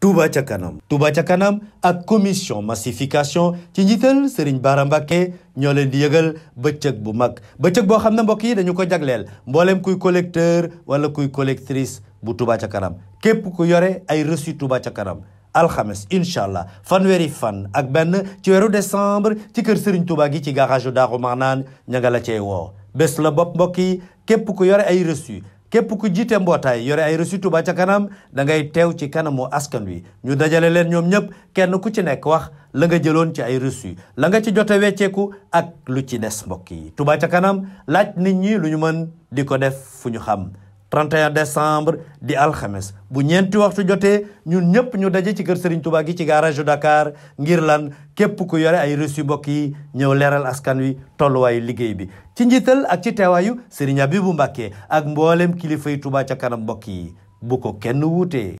Touba ca kanam Touba ca kanam ak commission massification ci njiital Serigne Bara Mbacké ñoo leen di yëgal bëccëg bu mag bëccëg boo xam ne mbokk yi dañu ko jagleel mbooleem kuy collecteur wala kuy collectrice bu Touba ca kanam képp ku yore ay reçu Touba ca kanam alxames incha allah fanweeri fan ak benn ci weeru décembre ci kër Serigne Touba gi ci garage Darou Marnane ña nga la cey woo bés la bopp mbokk yi képp ku yore ay reçu képp ku jiite mbootaay yore ay reçu Touba ca kanam da ngay teew ci kanamu askan wi ñu dajale leen ñoom ñëpp kenn ku ci nekk wax la nga jëloon ci ay reçu la nga ci jote wecceeku ak lu ci des mbokk yi Touba ca kanam laaj nit ñi lu ñu mën di ko def fu ñu xam 31 décembre di alxames bu ñeenti waxtu jotee ñun ñëpp ñu daje ci kër Serigne Touba gi ci garage yu Dakar ngir lan képp ku yore ay reçu mbokk yi ñëw leeral askan wi tolluwaayu liggéey bi ci njiital ak ci teewaayu bi bu mbakkee ak mboolem kilifa yi ca kanam mbokk yi bu ko kenn wuutee.